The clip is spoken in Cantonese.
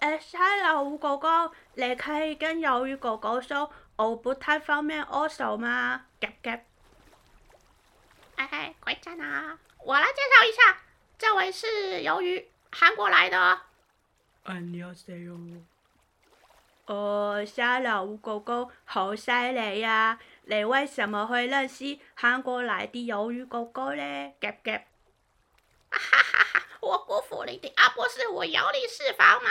誒、欸，蝦老五哥哥，你可以跟魷魚哥哥說我不太方便握手嗎？夾夾。哎哎，快站啦！我來介紹一下，這位是魷魚，韓國來的。嗯、啊，你要知嘅喲。哦，蝦老五哥哥好犀利呀！你為什麼會認識韓國來的魷魚哥哥咧？夾夾。哈哈哈， 我不服你哋啊！不是我有你四方嘛。